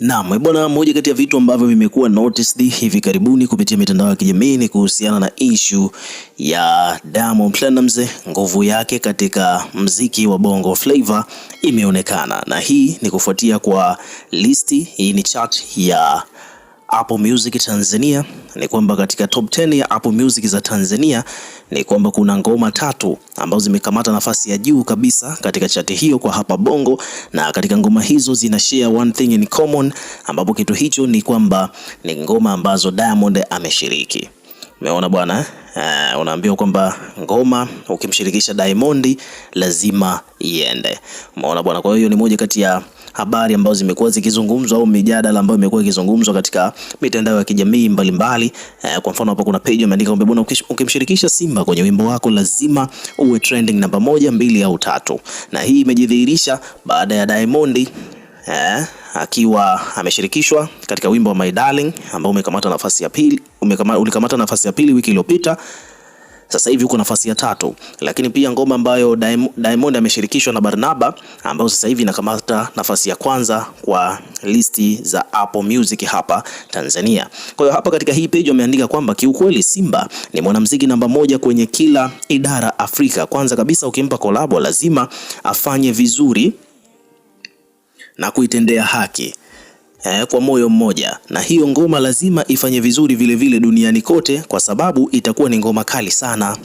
Naam, eh, bwana, moja kati ya vitu ambavyo vimekuwa noticed hivi karibuni kupitia mitandao ya kijamii ni kuhusiana na issue ya Diamond Platnumz, eh, nguvu yake katika mziki wa Bongo Flava imeonekana, na hii ni kufuatia kwa listi hii, ni chart ya Apple Music Tanzania, ni kwamba katika top 10 ya Apple Music za Tanzania ni kwamba kuna ngoma tatu ambazo zimekamata nafasi ya juu kabisa katika chati hiyo kwa hapa Bongo, na katika ngoma hizo zina share one thing in common, ambapo kitu hicho ni kwamba ni ngoma ambazo Diamond ameshiriki. Umeona bwana eh, unaambiwa kwamba ngoma ukimshirikisha Diamond lazima iende. Umeona bwana, kwa hiyo ni moja kati ya habari ambazo zimekuwa zikizungumzwa au mijadala ambayo imekuwa ikizungumzwa katika mitandao ya kijamii mbalimbali. Eh, kwa mfano hapa kuna page imeandika kwamba bwana, ukimshirikisha Simba kwenye wimbo wako lazima uwe trending namba moja, mbili au tatu, na hii imejidhihirisha baada ya Diamond eh, akiwa ameshirikishwa katika wimbo wa My Darling ambao umekamata nafasi ya pili, umekamata ulikamata nafasi ya pili wiki iliyopita sasa hivi yuko nafasi ya tatu, lakini pia ngoma ambayo Diamond ameshirikishwa na Barnaba ambayo sasa hivi inakamata nafasi ya kwanza kwa listi za Apple Music hapa Tanzania. Kwa hiyo hapa katika hii page wameandika kwamba kiukweli Simba ni mwanamuziki namba moja kwenye kila idara Afrika. Kwanza kabisa ukimpa kolabo lazima afanye vizuri na kuitendea haki eh, kwa moyo mmoja, na hiyo ngoma lazima ifanye vizuri vile vile duniani kote, kwa sababu itakuwa ni ngoma kali sana.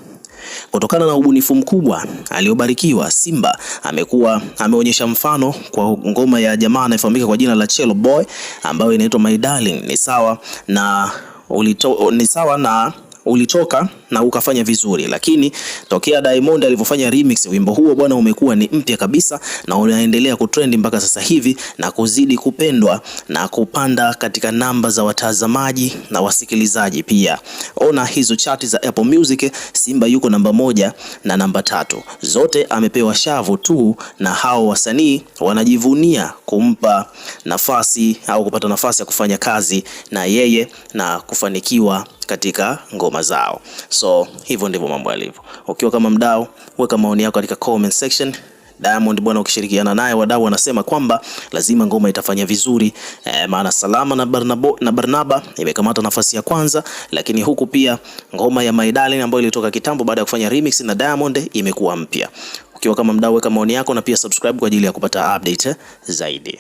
Kutokana na ubunifu mkubwa aliobarikiwa, Simba amekuwa ameonyesha mfano kwa ngoma ya jamaa anayefahamika kwa jina la Chelo Boy ambayo inaitwa My Darling, ni sawa na ulito, ni sawa na ulitoka na ukafanya vizuri, lakini tokea Diamond alivyofanya remix wimbo huo bwana, umekuwa ni mpya kabisa na unaendelea kutrend mpaka sasa hivi na kuzidi kupendwa na kupanda katika namba za watazamaji na wasikilizaji pia. Ona hizo chati za Apple Music, Simba yuko namba moja na namba tatu, zote amepewa shavu tu, na hao wasanii wanajivunia kumpa nafasi au kupata nafasi ya kufanya kazi na yeye na kufanikiwa katika ngoma zao. So hivyo ndivyo mambo yalivyo. Ukiwa kama mdau, weka maoni yako katika comment section. Diamond bwana, ukishirikiana naye wadau wanasema kwamba lazima ngoma itafanya vizuri e, maana Salama na Barnabo, na Barnaba imekamata nafasi ya kwanza, lakini huku pia ngoma ya My Darling ambayo ilitoka kitambo baada ya kufanya remix na Diamond imekuwa mpya. Ukiwa kama mdau, weka maoni yako na pia subscribe kwa ajili ya kupata update zaidi.